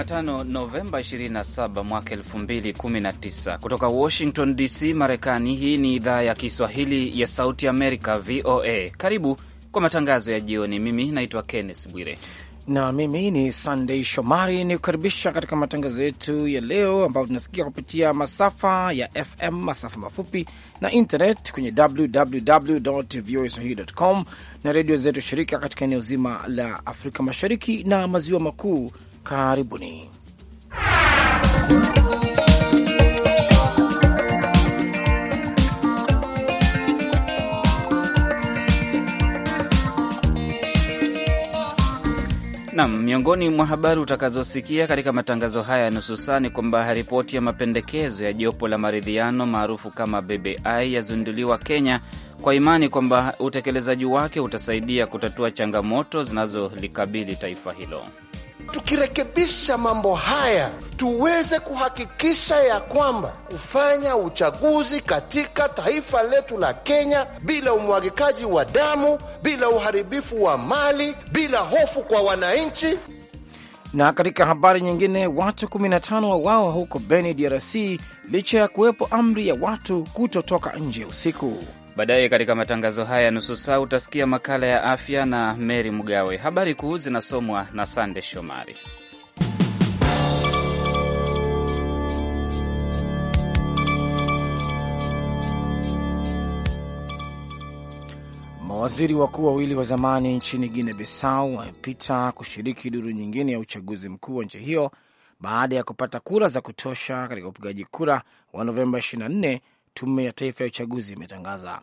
Jumatano, Novemba 27 mwaka 2019, kutoka Washington DC, Marekani. Hii ni idhaa ya Kiswahili ya Sauti Amerika, VOA. Karibu kwa matangazo ya jioni. Mimi naitwa Kenneth Bwire na mimi ni sandei Shomari, ni kukaribisha katika matangazo yetu ya leo, ambayo tunasikia kupitia masafa ya FM, masafa mafupi na internet kwenye www voa swahili.com na redio zetu shirika katika eneo zima la Afrika Mashariki na Maziwa Makuu Karibuni. Nam, miongoni mwa habari utakazosikia katika matangazo haya ya nusu saa ni kwamba ripoti ya mapendekezo ya jopo la maridhiano maarufu kama BBI yazinduliwa Kenya kwa imani kwamba utekelezaji wake utasaidia kutatua changamoto zinazolikabili taifa hilo tukirekebisha mambo haya tuweze kuhakikisha ya kwamba kufanya uchaguzi katika taifa letu la Kenya bila umwagikaji wa damu, bila uharibifu wa mali, bila hofu kwa wananchi. Na katika habari nyingine, watu 15 wauawa huko Beni, DRC licha ya kuwepo amri ya watu kutotoka nje usiku. Baadaye katika matangazo haya nusu saa utasikia makala ya afya na Meri Mgawe. Habari kuu zinasomwa na Sande Shomari. Mawaziri wakuu wawili wa zamani nchini Guinea Bissau wamepita kushiriki duru nyingine ya uchaguzi mkuu wa nchi hiyo baada ya kupata kura za kutosha katika upigaji kura wa Novemba 24 tume ya taifa ya uchaguzi imetangaza.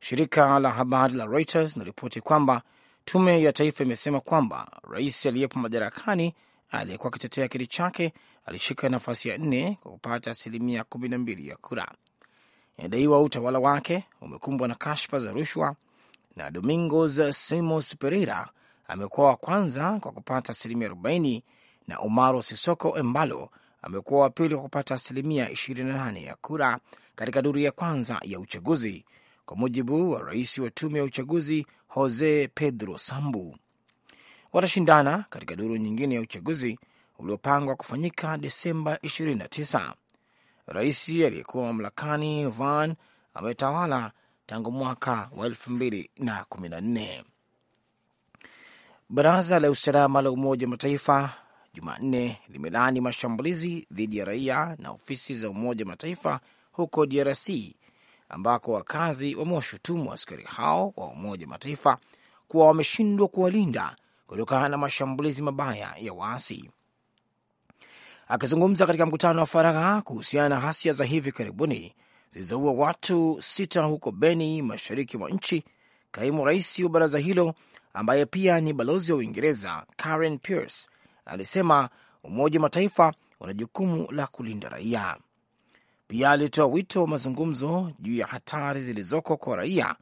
Shirika la habari la Reuters inaripoti kwamba tume ya taifa imesema kwamba rais aliyepo madarakani aliyekuwa akitetea kiti chake alishika nafasi ya nne kwa kupata asilimia kumi na mbili ya kura. Inadaiwa utawala wake umekumbwa na kashfa za rushwa na Domingos Simos Pereira amekuwa wa kwanza kwa kupata asilimia 40 na Omaro Sisoko Embalo amekuwa wa pili kwa kupata asilimia 28 ya kura katika duru ya kwanza ya uchaguzi, kwa mujibu wa rais wa tume ya uchaguzi Jose Pedro Sambu. Watashindana katika duru nyingine ya uchaguzi uliopangwa kufanyika Desemba 29. Rais aliyekuwa mamlakani Van ametawala tangu mwaka wa 2014. Baraza la usalama la Umoja wa Mataifa Jumanne limelaani mashambulizi dhidi ya raia na ofisi za Umoja wa Mataifa huko DRC ambako wakazi wamewashutumu askari hao wa Umoja wa Mataifa kuwa wameshindwa kuwalinda kutokana na mashambulizi mabaya ya waasi. Akizungumza katika mkutano wa faragha kuhusiana na ghasia za hivi karibuni zilizoua watu sita huko Beni, mashariki mwa nchi, kaimu rais wa baraza hilo ambaye pia ni balozi wa Uingereza Karen Pierce alisema Umoja wa Mataifa una jukumu la kulinda raia. Pia alitoa wito wa mazungumzo juu ya hatari zilizoko kwa raia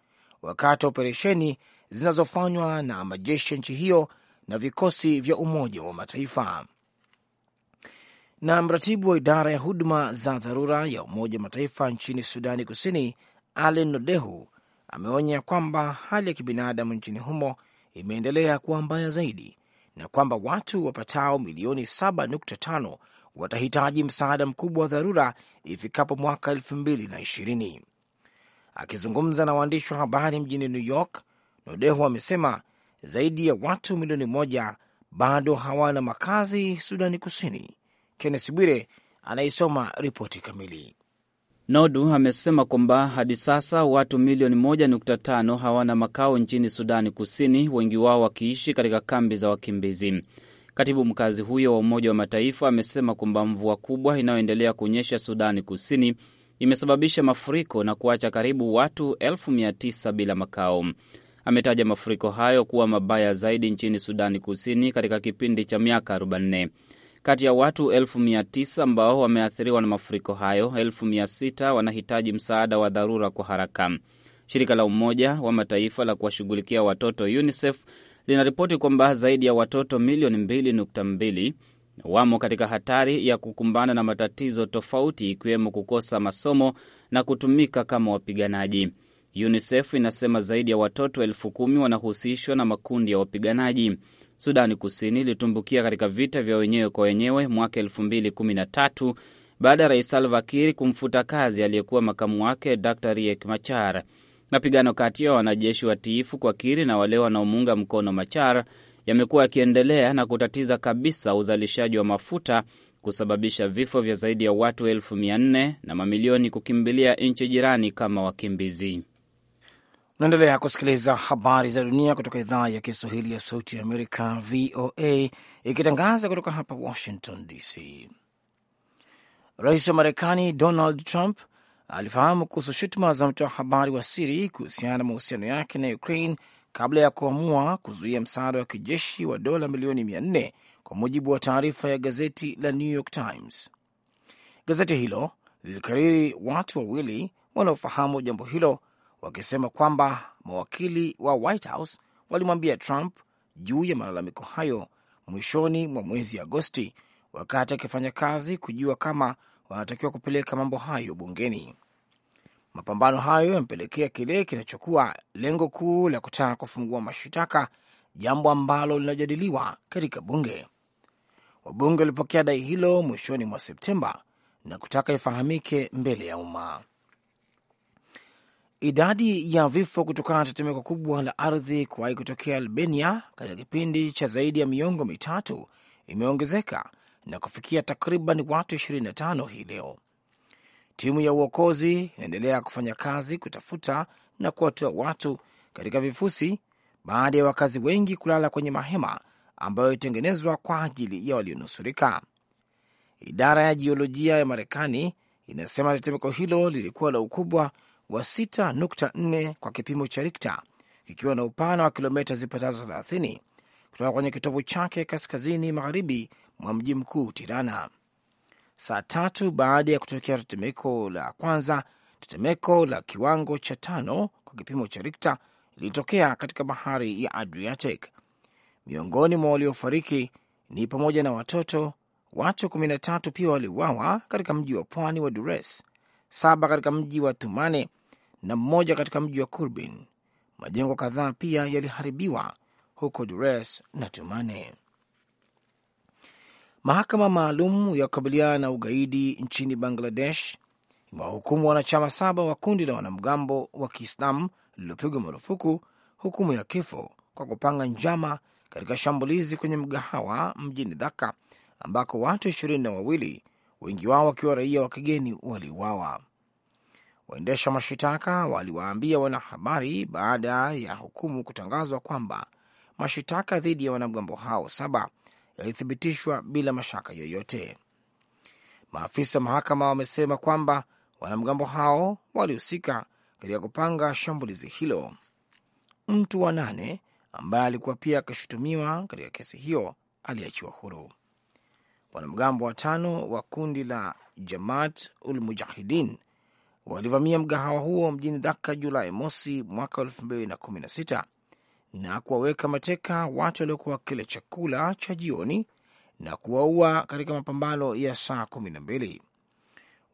wakati wa operesheni zinazofanywa na majeshi ya nchi hiyo na vikosi vya Umoja wa Mataifa. Na mratibu wa idara ya huduma za dharura ya Umoja wa Mataifa nchini Sudani Kusini, Alen Nodehu, ameonya kwamba hali ya kibinadamu nchini humo imeendelea kuwa mbaya zaidi na kwamba watu wapatao milioni 7.5 watahitaji msaada mkubwa wa dharura ifikapo mwaka elfu mbili na ishirini. Akizungumza na waandishi wa habari mjini New York, Nodehu amesema zaidi ya watu milioni moja bado hawana makazi Sudani Kusini. Kennes Bwire anaisoma ripoti kamili. Nodu amesema kwamba hadi sasa watu milioni 1.5 hawana makao nchini Sudani Kusini, wengi wao wakiishi katika kambi za wakimbizi. Katibu mkazi huyo wa Umoja wa Mataifa amesema kwamba mvua kubwa inayoendelea kunyesha Sudani Kusini imesababisha mafuriko na kuacha karibu watu elfu mia tisa bila makao. Ametaja mafuriko hayo kuwa mabaya zaidi nchini Sudani Kusini katika kipindi cha miaka 44. Kati ya watu elfu mia tisa ambao wameathiriwa na mafuriko hayo, elfu mia sita wanahitaji msaada wa dharura kwa haraka. Shirika la Umoja wa Mataifa la kuwashughulikia watoto UNICEF linaripoti kwamba zaidi ya watoto milioni 2.2 wamo katika hatari ya kukumbana na matatizo tofauti ikiwemo kukosa masomo na kutumika kama wapiganaji. UNICEF inasema zaidi ya watoto elfu kumi wanahusishwa na makundi ya wapiganaji. Sudani Kusini ilitumbukia katika vita vya wenyewe kwa wenyewe mwaka 2013 baada ya Rais Salva Kiir kumfuta kazi aliyekuwa makamu wake Dr Riek Machar. Mapigano kati ya wanajeshi watiifu kwa Kiri na wale wanaomuunga mkono Machar yamekuwa yakiendelea na kutatiza kabisa uzalishaji wa mafuta, kusababisha vifo vya zaidi ya watu elfu mia nne na mamilioni kukimbilia nchi jirani kama wakimbizi. Unaendelea kusikiliza habari za dunia kutoka idhaa ya Kiswahili ya Sauti ya Amerika, VOA, ikitangaza kutoka hapa Washington DC. Rais wa Marekani Donald Trump alifahamu kuhusu shutuma za mtoa habari wa siri kuhusiana na mahusiano yake na Ukraine kabla ya kuamua kuzuia msaada wa kijeshi wa dola milioni 4 kwa mujibu wa taarifa ya gazeti la New York Times. Gazeti hilo lilikariri watu wawili wanaofahamu jambo hilo wakisema kwamba mawakili wa White House walimwambia Trump juu ya malalamiko hayo mwishoni mwa mwezi Agosti wakati akifanya kazi kujua kama wanatakiwa kupeleka mambo hayo bungeni. Mapambano hayo yamepelekea kile kinachokuwa lengo kuu la kutaka kufungua mashtaka jambo ambalo linajadiliwa katika bunge. Wabunge walipokea dai hilo mwishoni mwa Septemba na kutaka ifahamike mbele ya umma. Idadi ya vifo kutokana na tetemeko kubwa la ardhi kuwahi kutokea Albania katika kipindi cha zaidi ya miongo mitatu imeongezeka na kufikia takriban watu 25 hii leo. Timu ya uokozi inaendelea kufanya kazi kutafuta na kuwatoa watu katika vifusi baada ya wakazi wengi kulala kwenye mahema ambayo ilitengenezwa kwa ajili ya walionusurika. Idara ya jiolojia ya Marekani inasema tetemeko hilo lilikuwa la ukubwa wa 6.4 kwa kipimo cha Rikta, kikiwa na upana wa kilomita zipatazo 30 kutoka kwenye kitovu chake kaskazini magharibi mwa mji mkuu Tirana. Saa tatu baada ya kutokea tetemeko la kwanza, tetemeko la kiwango cha tano kwa kipimo cha Rikta lilitokea katika bahari ya Adriatic. Miongoni mwa waliofariki ni pamoja na watoto. Watu 13 pia waliuawa katika mji wa pwani wa Dures, saba katika mji wa Tumane na mmoja katika mji wa Kurbin. Majengo kadhaa pia yaliharibiwa huko Dures na Tumane. Mahakama maalum ya kukabiliana na ugaidi nchini Bangladesh imewahukumu wanachama saba wa kundi la wanamgambo wa Kiislamu lililopigwa marufuku hukumu ya kifo kwa kupanga njama katika shambulizi kwenye mgahawa mjini Dhaka ambako watu ishirini na wawili, wengi wao wakiwa raia wa kigeni, waliuawa. Waendesha mashitaka waliwaambia wanahabari baada ya hukumu kutangazwa kwamba mashitaka dhidi ya wanamgambo hao saba yalithibitishwa bila mashaka yoyote. Maafisa mahakama wamesema kwamba wanamgambo hao walihusika katika kupanga shambulizi hilo. Mtu wa nane ambaye alikuwa pia akishutumiwa katika kesi hiyo aliachiwa huru. Wanamgambo watano wa kundi la Jamaat Ulmujahidin walivamia mgahawa huo mjini Dhaka Julai mosi mwaka 2016 na kuwaweka mateka watu waliokuwa wakila chakula cha jioni na kuwaua katika mapambano ya saa kumi na mbili.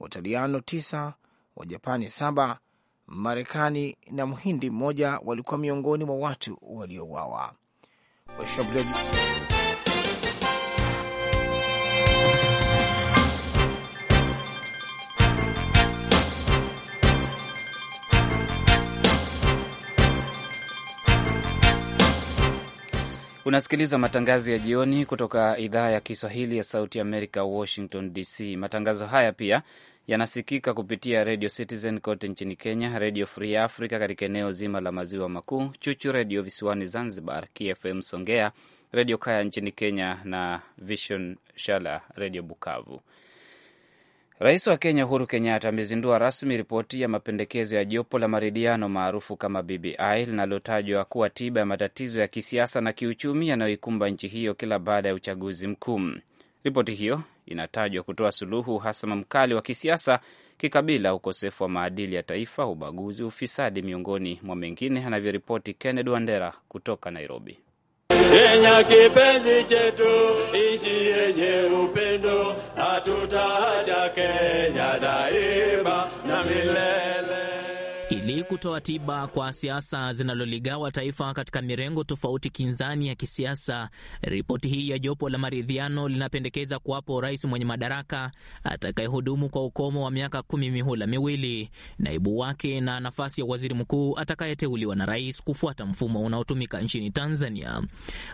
Wataliano tisa, Wajapani saba, Marekani na Mhindi mmoja walikuwa miongoni mwa watu waliouawa. Unasikiliza matangazo ya jioni kutoka idhaa ya Kiswahili ya Sauti Amerika, Washington DC. Matangazo haya pia yanasikika kupitia Radio Citizen kote nchini Kenya, Radio Free Africa katika eneo zima la maziwa makuu, Chuchu Redio visiwani Zanzibar, KFM Songea, Redio Kaya nchini Kenya na Vision Shala Redio Bukavu. Rais wa Kenya Uhuru Kenyatta amezindua rasmi ripoti ya mapendekezo ya jopo la maridhiano maarufu kama BBI linalotajwa kuwa tiba ya matatizo ya kisiasa na kiuchumi yanayoikumba nchi hiyo kila baada ya uchaguzi mkuu. Ripoti hiyo inatajwa kutoa suluhu uhasama mkali wa kisiasa, kikabila, ukosefu wa maadili ya taifa, ubaguzi, ufisadi, miongoni mwa mengine, anavyoripoti Kennedy Wandera kutoka Nairobi. Kenya kipenzi chetu, nchi yenye upendo, hatutaacha Kenya daima na milele ili kutoa tiba kwa siasa zinaloligawa taifa katika mirengo tofauti kinzani ya kisiasa. Ripoti hii ya jopo la maridhiano linapendekeza kuwapo rais mwenye madaraka atakayehudumu kwa ukomo wa miaka kumi mihula miwili, naibu wake na nafasi ya waziri mkuu atakayeteuliwa na rais kufuata mfumo unaotumika nchini Tanzania.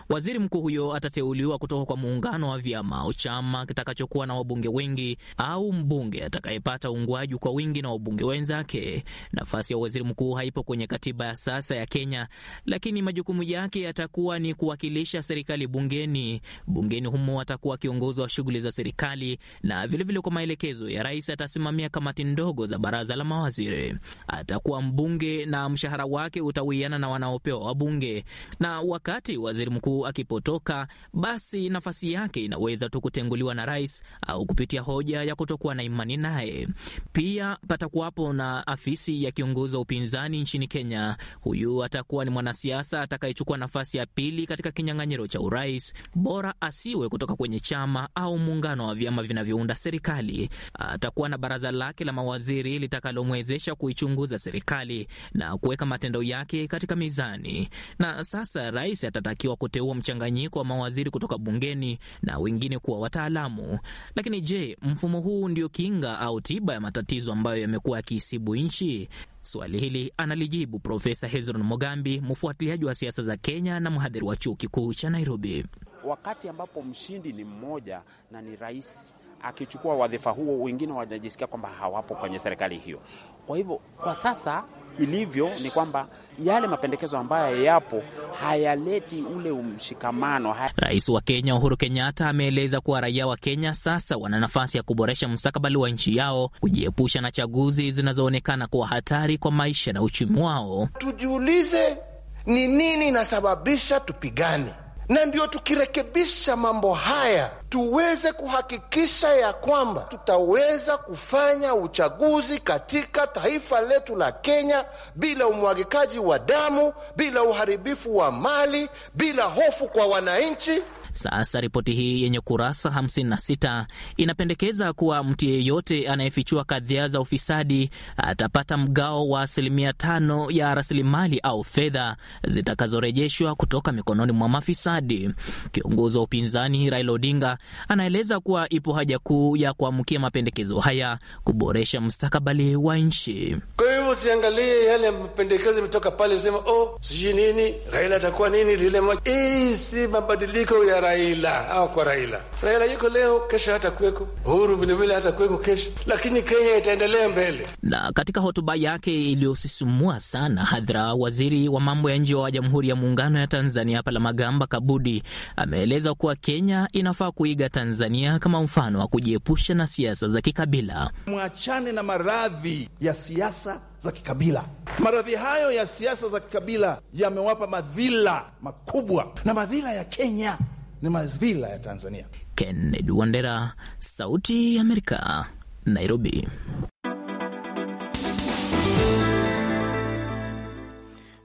Waziri mkuu huyo atateuliwa kutoka kwa muungano wa vyama au chama kitakachokuwa na wabunge wengi au mbunge atakayepata uungwaji kwa wingi na wabunge wenzake. Nafasi ya waziri waziri mkuu haipo kwenye katiba ya sasa ya Kenya, lakini majukumu yake yatakuwa ni kuwakilisha serikali bungeni. Bungeni humo atakuwa kiongozi wa shughuli za serikali, na vilevile, kwa maelekezo ya rais, atasimamia kamati ndogo za baraza la mawaziri. Atakuwa mbunge na mshahara wake utawiana na wanaopewa wabunge, na wakati waziri mkuu akipotoka, basi nafasi yake inaweza tu kutenguliwa na rais au kupitia hoja ya kutokuwa na imani naye. Pia patakuwapo na afisi ya kiongozi wa upinzani nchini Kenya. Huyu atakuwa ni mwanasiasa atakayechukua nafasi ya pili katika kinyang'anyiro cha urais, bora asiwe kutoka kwenye chama au muungano wa vyama vinavyounda serikali. Atakuwa na baraza lake la mawaziri litakalomwezesha kuichunguza serikali na kuweka matendo yake katika mizani. Na sasa rais atatakiwa kuteua mchanganyiko wa mawaziri kutoka bungeni na wengine kuwa wataalamu. Lakini je, mfumo huu ndio kinga au tiba ya matatizo ambayo yamekuwa yakiisibu nchi? Swali hili analijibu Profesa Hezron Mogambi, mfuatiliaji wa siasa za Kenya na mhadhiri wa chuo kikuu cha Nairobi. Wakati ambapo mshindi ni mmoja na ni rais akichukua wadhifa huo, wengine wanajisikia kwamba hawapo kwenye serikali hiyo. Kwa hivyo kwa sasa ilivyo ni kwamba yale mapendekezo ambayo yapo hayaleti ule mshikamano. Rais wa Kenya Uhuru Kenyatta ameeleza kuwa raia wa Kenya sasa wana nafasi ya kuboresha mustakabali wa nchi yao, kujiepusha na chaguzi zinazoonekana kuwa hatari kwa maisha na uchumi wao. Tujiulize, ni nini inasababisha tupigane? na ndio tukirekebisha mambo haya tuweze kuhakikisha ya kwamba tutaweza kufanya uchaguzi katika taifa letu la Kenya bila umwagikaji wa damu, bila uharibifu wa mali, bila hofu kwa wananchi. Sasa ripoti hii yenye kurasa 56 inapendekeza kuwa mtu yeyote anayefichua kadhia za ufisadi atapata mgao wa asilimia tano ya rasilimali au fedha zitakazorejeshwa kutoka mikononi mwa mafisadi. Kiongozi wa upinzani Raila Odinga anaeleza kuwa ipo haja kuu ya kuamkia mapendekezo haya kuboresha mstakabali wa nchi. Kwa hivyo usiangalie yale mapendekezo yametoka pale, sema oh, sijui nini, Raila atakuwa nini, lile moja. Hii si mabadiliko ya Raila au kwa Raila. Raila yuko leo, kesho hata kuweko Uhuru vilevile hata kweko kesho, lakini Kenya itaendelea mbele. Na katika hotuba yake iliyosisimua sana hadhira waziri wa mambo ya nje wa Jamhuri ya Muungano ya Tanzania Palamagamba Kabudi ameeleza kuwa Kenya inafaa kuiga Tanzania kama mfano wa kujiepusha na siasa za kikabila. Mwachane na maradhi ya siasa za kikabila. Maradhi hayo ya siasa za kikabila yamewapa madhila makubwa na madhila ya Kenya ni mavila ya Tanzania. Kennedy Wandera, Sauti ya Amerika, Nairobi.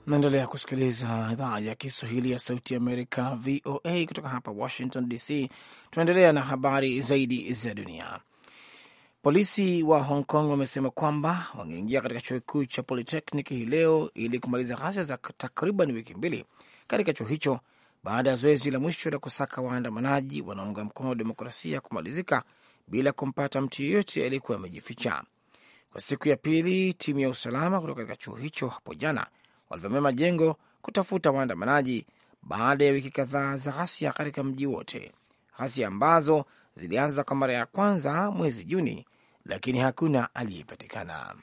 Naendelea kusikiliza idhaa ya Kiswahili ya Sauti ya Amerika, VOA, kutoka hapa Washington DC. Tunaendelea na habari zaidi za dunia. Polisi wa Hong Kong wamesema kwamba wangeingia katika chuo kikuu cha Polytechnic hii leo ili kumaliza ghasia za takriban wiki mbili katika chuo hicho baada ya zoezi la mwisho la kusaka waandamanaji wanaunga mkono demokrasia kumalizika bila kumpata mtu yeyote aliyekuwa amejificha. Kwa siku ya pili, timu ya usalama kutoka katika chuo hicho hapo jana walivamia majengo kutafuta waandamanaji baada ya wiki kadhaa za ghasia katika mji wote, ghasia ambazo zilianza kwa mara ya kwanza mwezi Juni, lakini hakuna aliyepatikana.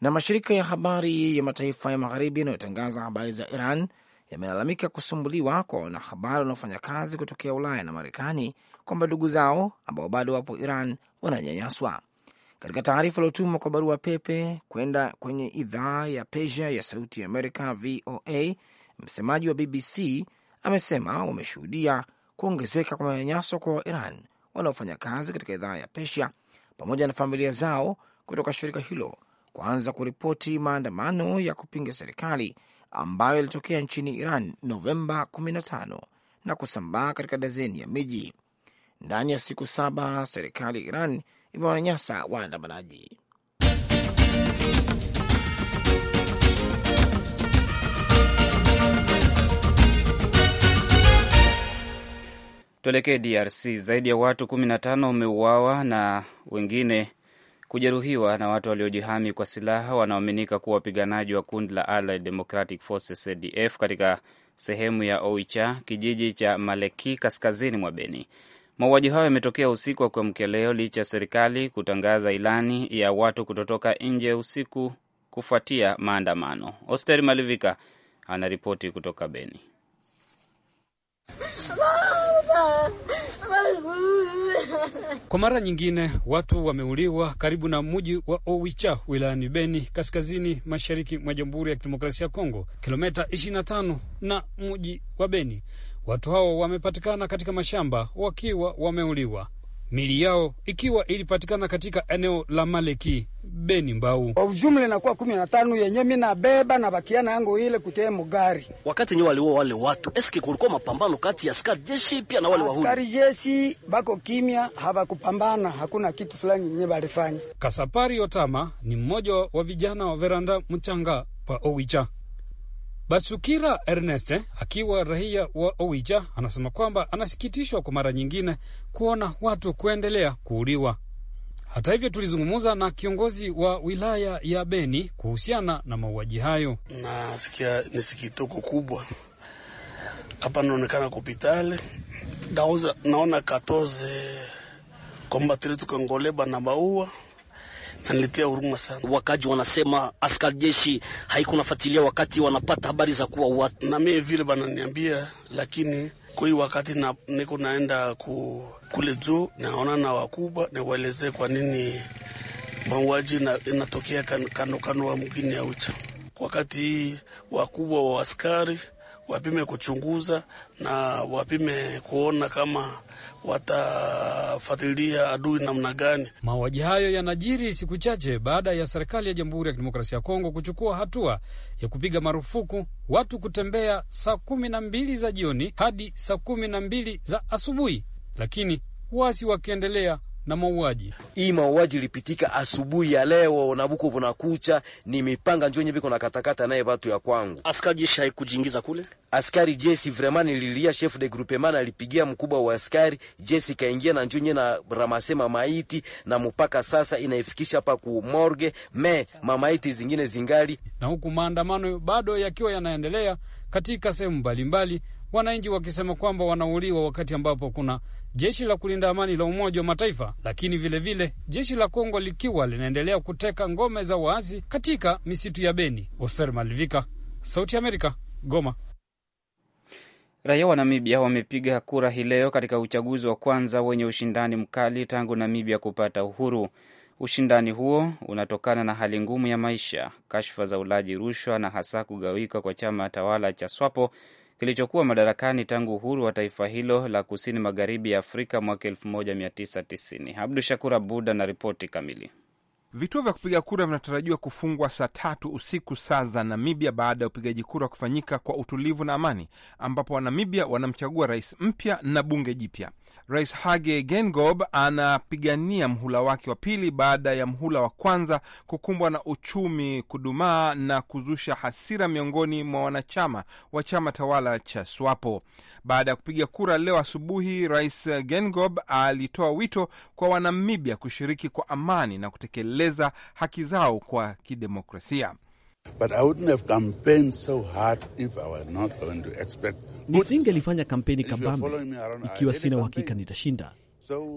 Na mashirika ya habari ya mataifa ya magharibi yanayotangaza habari za Iran yamelalamika kusumbuliwa kwa wanahabari wanaofanya kazi kutokea Ulaya na Marekani kwamba ndugu zao ambao bado wapo Iran wananyanyaswa. Katika taarifa iliotumwa kwa barua pepe kwenda kwenye idhaa ya Pesia ya Sauti ya Amerika, VOA, msemaji wa BBC amesema wameshuhudia kuongezeka kwa manyanyaso kwa Wairan wanaofanya kazi katika idhaa ya Pesia pamoja na familia zao kutoka shirika hilo kuanza kuripoti maandamano ya kupinga serikali ambayo yalitokea nchini Iran Novemba 15 na kusambaa katika dazeni ya miji. Ndani ya siku saba, serikali ya Iran imewanyanyasa waandamanaji. Tuelekee DRC. Zaidi ya watu 15 wameuawa na wengine kujeruhiwa na watu waliojihami kwa silaha wanaoaminika kuwa wapiganaji wa kundi la Allied Democratic Forces ADF katika sehemu ya Oicha, kijiji cha Maleki, kaskazini mwa Beni. Mauaji hayo yametokea usiku wa kuamkia leo licha ya serikali kutangaza ilani ya watu kutotoka nje usiku kufuatia maandamano. Oster Malivika anaripoti kutoka Beni. Kwa mara nyingine watu wameuliwa karibu na mji wa Owicha wilayani Beni, kaskazini mashariki mwa Jamhuri ya Kidemokrasia ya Kongo, kilomita 25 na mji wa Beni. Watu hao wamepatikana katika mashamba wakiwa wameuliwa mili yao ikiwa ilipatikana katika eneo la Maleki Beni Mbau. Kwa ujumla inakuwa kumi na tano yenye mi nabeba na bakiana yangu ile kutee mugari. Wakati nyewe waliua wale watu, eske kulikuwa mapambano kati ya askari jeshi pia na wale wahuni? Askari jeshi bako kimya, hawakupambana, hakuna kitu fulani yenye balifanya. Kasapari Otama ni mmoja wa vijana wa Veranda Mchanga pa Owicha Basukira Ernest eh, akiwa raia wa Oicha anasema kwamba anasikitishwa kwa mara nyingine kuona watu kuendelea kuuliwa. Hata hivyo, tulizungumza na kiongozi wa wilaya ya Beni kuhusiana na mauaji hayo. Nasikia ni sikitoko kubwa hapa, naonekana kupitale naona katoze kombatiri tukongole bana maua analetea huruma sana. Wakaji wanasema askari jeshi haikunafuatilia wakati wanapata habari za kuwa watu, na mimi vile bananiambia, lakini kwa wakati na, niko naenda ku, kule juu naona na wakubwa niwaelezee kwa nini mauaji inatokea kando kando wa mgini ya ucha wakati wakubwa wa askari wapime kuchunguza na wapime kuona kama watafuatilia adui namna gani. Mauaji hayo yanajiri siku chache baada ya serikali ya Jamhuri ya Kidemokrasia ya Kongo kuchukua hatua ya kupiga marufuku watu kutembea saa kumi na mbili za jioni hadi saa kumi na mbili za asubuhi, lakini wasi wakiendelea na mauaji. Hii mauaji ilipitika asubuhi ya leo na buko kunakucha, nimepanga njoo nyewe biko na katakata naye watu ya kwangu. Askari jeshi haikujiingiza kule. Askari jeshi vraiment nililia chef de groupement alipigia mkubwa wa askari jeshi kaingia na njoo na ramasema maiti na mpaka sasa inaifikisha hapa ku morgue me mamaiti zingine zingali. Na huku maandamano bado yakiwa yanaendelea katika sehemu mbalimbali wananchi wakisema kwamba wanauliwa wakati ambapo kuna jeshi la kulinda amani la Umoja wa Mataifa, lakini vilevile vile, jeshi la Kongo likiwa linaendelea kuteka ngome za waasi katika misitu ya Beni. Oser Malivika, Sauti Amerika, Goma. Raia wa Namibia wamepiga kura hii leo katika uchaguzi wa kwanza wenye ushindani mkali tangu Namibia kupata uhuru. Ushindani huo unatokana na hali ngumu ya maisha, kashfa za ulaji rushwa na hasa kugawika kwa chama tawala cha SWAPO kilichokuwa madarakani tangu uhuru wa taifa hilo la kusini magharibi ya Afrika mwaka 1990. Abdu Shakur Abud ripoti kamili. Vituo vya kupiga kura vinatarajiwa kufungwa saa tatu usiku saa za Namibia baada ya upigaji kura kufanyika kwa utulivu na amani, ambapo Wanamibia wanamchagua rais mpya na bunge jipya. Rais Hage Geingob anapigania mhula wake wa pili baada ya mhula wa kwanza kukumbwa na uchumi kudumaa na kuzusha hasira miongoni mwa wanachama wa chama tawala cha SWAPO. Baada ya kupiga kura leo asubuhi, Rais Geingob alitoa wito kwa Wanamibia kushiriki kwa amani na kutekeleza haki zao kwa kidemokrasia so nisingelifanya kampeni kabambe ikiwa sina uhakika nitashinda.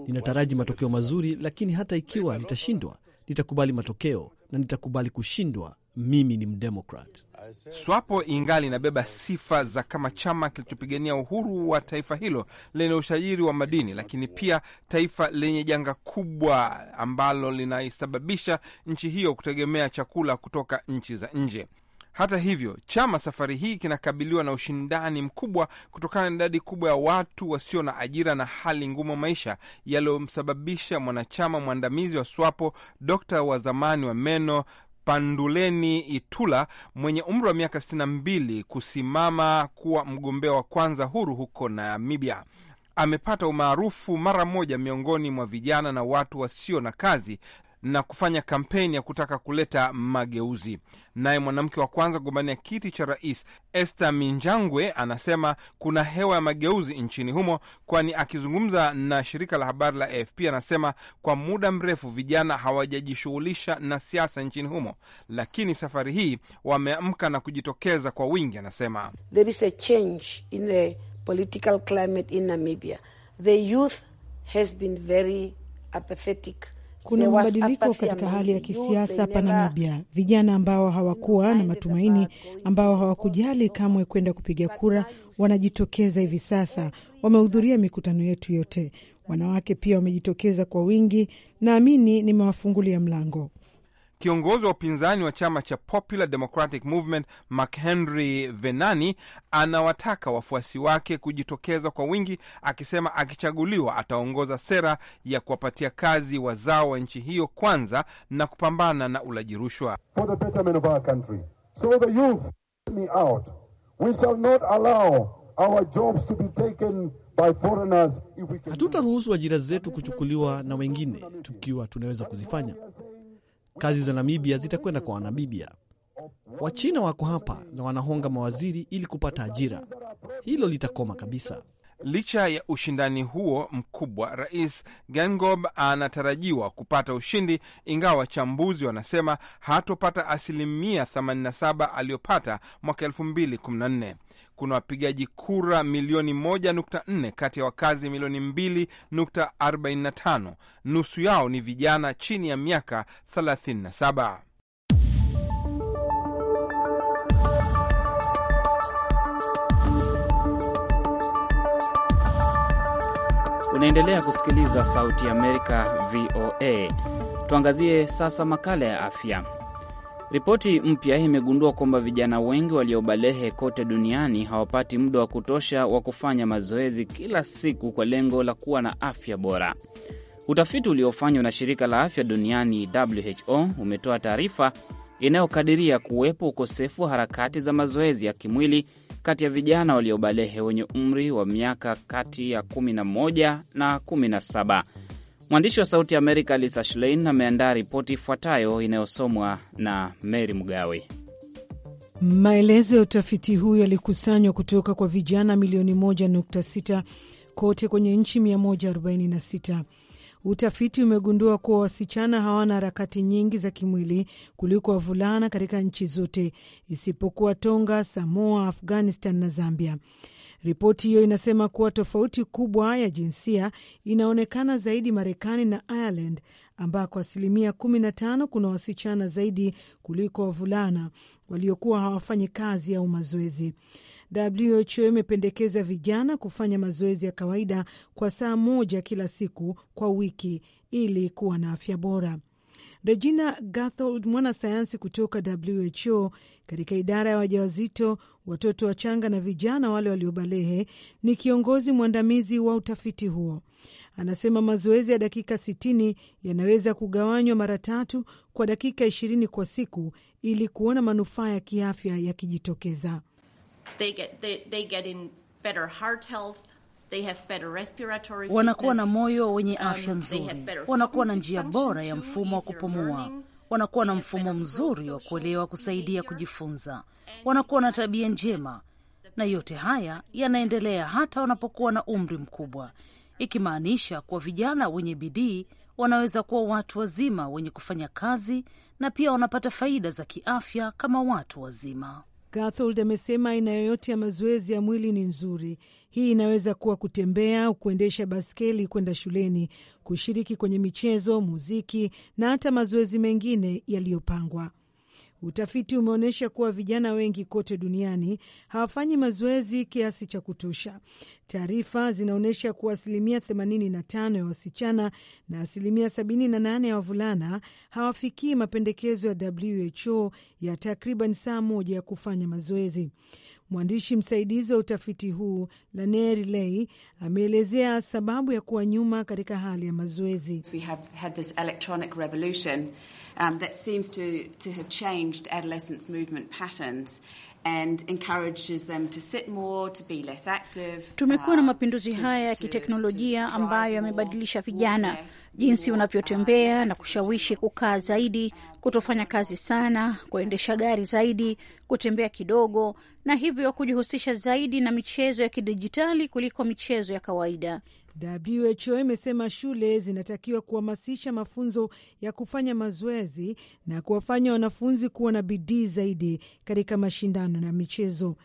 Ninataraji matokeo mazuri, lakini hata ikiwa nitashindwa, nitakubali matokeo na nitakubali kushindwa mimi ni Mdemokrat. SWAPO ingali inabeba sifa za kama chama kilichopigania uhuru wa taifa hilo lenye ushajiri wa madini, lakini pia taifa lenye janga kubwa ambalo linaisababisha nchi hiyo kutegemea chakula kutoka nchi za nje. Hata hivyo, chama safari hii kinakabiliwa na ushindani mkubwa kutokana na idadi kubwa ya watu wasio na ajira na hali ngumu maisha yaliyomsababisha mwanachama mwandamizi wa SWAPO, dokta wa zamani wa meno Panduleni Itula mwenye umri wa miaka 62 kusimama kuwa mgombea wa kwanza huru huko Namibia. Amepata umaarufu mara moja miongoni mwa vijana na watu wasio na kazi na kufanya kampeni ya kutaka kuleta mageuzi. Naye mwanamke wa kwanza kugombania kiti cha rais Esther Minjangwe anasema kuna hewa ya mageuzi nchini humo, kwani akizungumza na shirika la habari la AFP anasema kwa muda mrefu vijana hawajajishughulisha na siasa nchini humo, lakini safari hii wameamka na kujitokeza kwa wingi. Anasema There is a change in the political climate in Namibia. The youth has been very apathetic kuna mabadiliko katika hali ya kisiasa pa Namibia, vijana ambao hawakuwa na matumaini, ambao hawakujali kamwe kwenda kupiga kura, wanajitokeza hivi sasa, wamehudhuria mikutano yetu yote. Wanawake pia wamejitokeza kwa wingi, naamini nimewafungulia mlango. Kiongozi wa upinzani wa chama cha Popular Democratic Movement McHenry Venani anawataka wafuasi wake kujitokeza kwa wingi, akisema akichaguliwa ataongoza sera ya kuwapatia kazi wazao wa nchi hiyo kwanza na kupambana na ulaji rushwa. Hatutaruhusu ajira zetu kuchukuliwa na wengine tukiwa tunaweza kuzifanya. Kazi za Namibia zitakwenda kwa Wanamibia. Wachina wako hapa na wanahonga mawaziri ili kupata ajira. Hilo litakoma kabisa. Licha ya ushindani huo mkubwa, Rais Gengob anatarajiwa kupata ushindi, ingawa wachambuzi wanasema hatopata asilimia 87 aliyopata mwaka 2014. Kuna wapigaji kura milioni 1.4 kati ya wakazi milioni 2.45, nusu yao ni vijana chini ya miaka 37. Unaendelea kusikiliza Sauti Amerika, VOA. Tuangazie sasa makala ya afya. Ripoti mpya imegundua kwamba vijana wengi waliobalehe kote duniani hawapati muda wa kutosha wa kufanya mazoezi kila siku kwa lengo la kuwa na afya bora. Utafiti uliofanywa na shirika la afya duniani WHO umetoa taarifa inayokadiria kuwepo ukosefu wa harakati za mazoezi ya kimwili kati ya vijana waliobalehe wenye umri wa miaka kati ya 11 na 17. Mwandishi wa Sauti ya Amerika Lisa Schlein ameandaa ripoti ifuatayo inayosomwa na Mary Mgawe. Maelezo ya utafiti huu yalikusanywa kutoka kwa vijana milioni 1.6 kote kwenye nchi 146. Utafiti umegundua kuwa wasichana hawana harakati nyingi za kimwili kuliko wavulana katika nchi zote isipokuwa Tonga, Samoa, Afghanistan na Zambia. Ripoti hiyo inasema kuwa tofauti kubwa ya jinsia inaonekana zaidi Marekani na Ireland, ambako asilimia 15 kuna wasichana zaidi kuliko wavulana waliokuwa hawafanyi kazi au mazoezi. WHO imependekeza vijana kufanya mazoezi ya kawaida kwa saa moja kila siku kwa wiki ili kuwa na afya bora. Regina Gathold, mwanasayansi kutoka WHO katika idara ya wajawazito, watoto wachanga na vijana wale waliobalehe, ni kiongozi mwandamizi wa utafiti huo. Anasema mazoezi ya dakika 60 yanaweza kugawanywa mara tatu kwa dakika 20 kwa siku ili kuona manufaa ya kiafya yakijitokeza. They get, they, they get in better heart health. They have better respiratory Wanakuwa na moyo wenye um, afya nzuri, wanakuwa na njia bora ya mfumo wa kupumua, wanakuwa na mfumo mzuri wa kuelewa, kusaidia kujifunza, wanakuwa na tabia njema, na yote haya yanaendelea hata wanapokuwa na umri mkubwa, ikimaanisha kuwa vijana wenye bidii wanaweza kuwa watu wazima wenye kufanya kazi na pia wanapata faida za kiafya kama watu wazima. Gathold amesema aina yoyote ya mazoezi ya mwili ni nzuri. Hii inaweza kuwa kutembea au kuendesha baskeli kwenda shuleni, kushiriki kwenye michezo, muziki na hata mazoezi mengine yaliyopangwa. Utafiti umeonyesha kuwa vijana wengi kote duniani hawafanyi mazoezi kiasi cha kutosha. Taarifa zinaonyesha kuwa asilimia 85 ya wasichana na asilimia 78 ya wavulana hawafikii mapendekezo ya WHO ya takriban saa moja ya kufanya mazoezi. Mwandishi msaidizi wa utafiti huu Laneri Ley ameelezea sababu ya kuwa nyuma katika hali ya mazoezi. Um, Tumekuwa na uh, mapinduzi uh, haya ya kiteknolojia ambayo yamebadilisha vijana jinsi wanavyotembea uh, na kushawishi kukaa zaidi kutofanya kazi sana, kuendesha gari zaidi, kutembea kidogo, na hivyo kujihusisha zaidi na michezo ya kidijitali kuliko michezo ya kawaida. WHO imesema shule zinatakiwa kuhamasisha mafunzo ya kufanya mazoezi na kuwafanya wanafunzi kuwa na bidii zaidi katika mashindano na michezo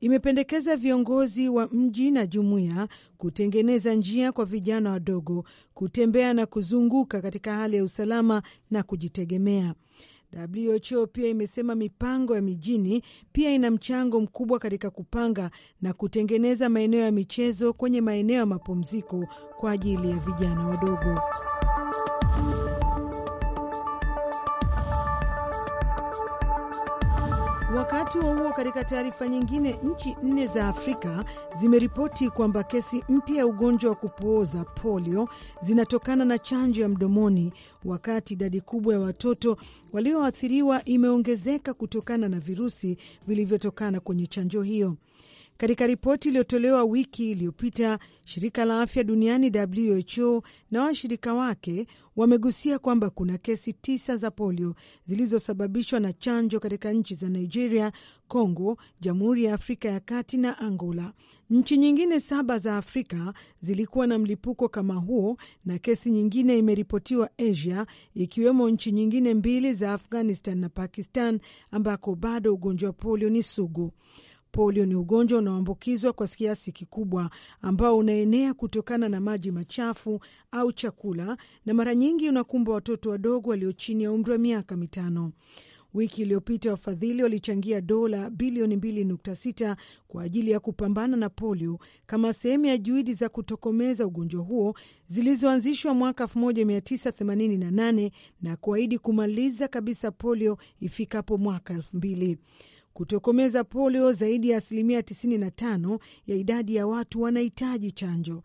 imependekeza viongozi wa mji na jumuiya kutengeneza njia kwa vijana wadogo kutembea na kuzunguka katika hali ya usalama na kujitegemea. WHO pia imesema mipango ya mijini pia ina mchango mkubwa katika kupanga na kutengeneza maeneo ya michezo kwenye maeneo ya mapumziko kwa ajili ya vijana wadogo. Wakati huo huo, katika taarifa nyingine, nchi nne za Afrika zimeripoti kwamba kesi mpya ya ugonjwa wa kupooza polio zinatokana na chanjo ya mdomoni, wakati idadi kubwa ya watoto walioathiriwa imeongezeka kutokana na virusi vilivyotokana kwenye chanjo hiyo. Katika ripoti iliyotolewa wiki iliyopita, shirika la afya duniani WHO na washirika wake wamegusia kwamba kuna kesi tisa za polio zilizosababishwa na chanjo katika nchi za Nigeria, congo Jamhuri ya Afrika ya Kati na Angola. Nchi nyingine saba za Afrika zilikuwa na mlipuko kama huo na kesi nyingine imeripotiwa Asia, ikiwemo nchi nyingine mbili za Afghanistan na Pakistan ambako bado ugonjwa wa polio ni sugu. Polio ni ugonjwa unaoambukizwa kwa kiasi kikubwa ambao unaenea kutokana na maji machafu au chakula, na mara nyingi unakumba watoto wadogo walio chini ya umri wa miaka mitano. Wiki iliyopita wafadhili walichangia dola bilioni 2.6 kwa ajili ya kupambana na polio kama sehemu ya juhudi za kutokomeza ugonjwa huo zilizoanzishwa mwaka 1988 na kuahidi kumaliza kabisa polio ifikapo mwaka 2000. Kutokomeza polio, zaidi ya asilimia 95 ya idadi ya watu wanahitaji chanjo.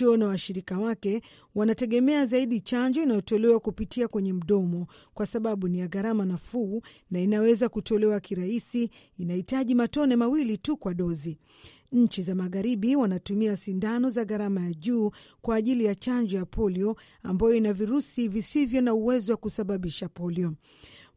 WHO na washirika wake wanategemea zaidi chanjo inayotolewa kupitia kwenye mdomo kwa sababu ni ya gharama nafuu na inaweza kutolewa kirahisi. Inahitaji matone mawili tu kwa dozi. Nchi za magharibi wanatumia sindano za gharama ya juu kwa ajili ya chanjo ya polio ambayo ina virusi visivyo na uwezo wa kusababisha polio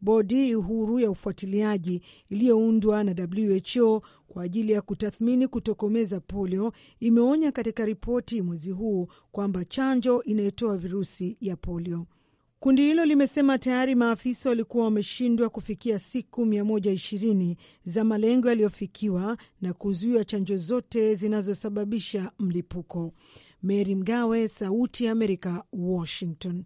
bodi huru ya ufuatiliaji iliyoundwa na WHO kwa ajili ya kutathmini kutokomeza polio imeonya katika ripoti mwezi huu kwamba chanjo inayotoa virusi ya polio. Kundi hilo limesema tayari maafisa walikuwa wameshindwa kufikia siku 120 za malengo yaliyofikiwa na kuzuia chanjo zote zinazosababisha mlipuko. mery Mgawe, Sauti ya Amerika, Washington.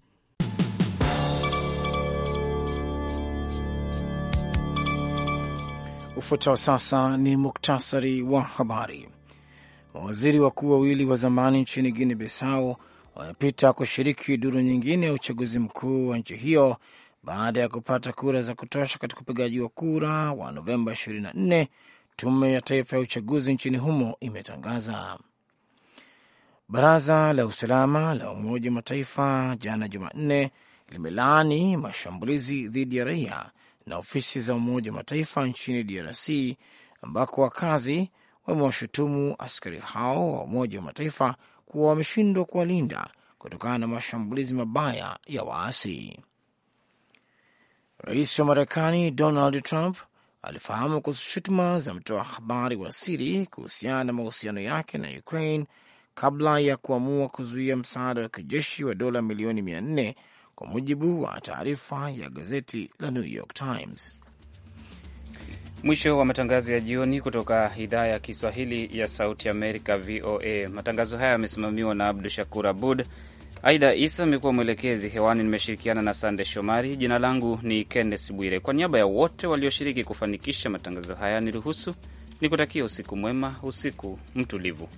Ufuatao sasa ni muktasari wa habari. Mawaziri wakuu wawili wa zamani nchini Guinea Bissau wamepita kushiriki duru nyingine ya uchaguzi mkuu wa nchi hiyo baada ya kupata kura za kutosha katika upigaji wa kura wa Novemba 24, tume ya taifa ya uchaguzi nchini humo imetangaza. Baraza la usalama la Umoja wa Mataifa jana Jumanne limelaani mashambulizi dhidi ya raia na ofisi za Umoja wa Mataifa nchini DRC ambako wakazi wamewashutumu askari hao wa Umoja wa Mataifa kuwa wameshindwa kuwalinda kutokana na mashambulizi mabaya ya waasi. Rais wa Marekani Donald Trump alifahamu kuhusu shutuma za mtoa habari wa siri kuhusiana na mahusiano yake na Ukraine kabla ya kuamua kuzuia msaada wa kijeshi wa dola milioni mia nne kwa mujibu wa taarifa ya gazeti la New York Times. Mwisho wa matangazo ya jioni kutoka idhaa ya Kiswahili ya Sauti Amerika, VOA. Matangazo haya yamesimamiwa na Abdu Shakur Abud. Aida Isa amekuwa mwelekezi hewani. Nimeshirikiana na Sande Shomari. Jina langu ni Kennes Bwire. Kwa niaba ya wote walioshiriki kufanikisha matangazo haya, niruhusu nikutakia usiku mwema, usiku mtulivu.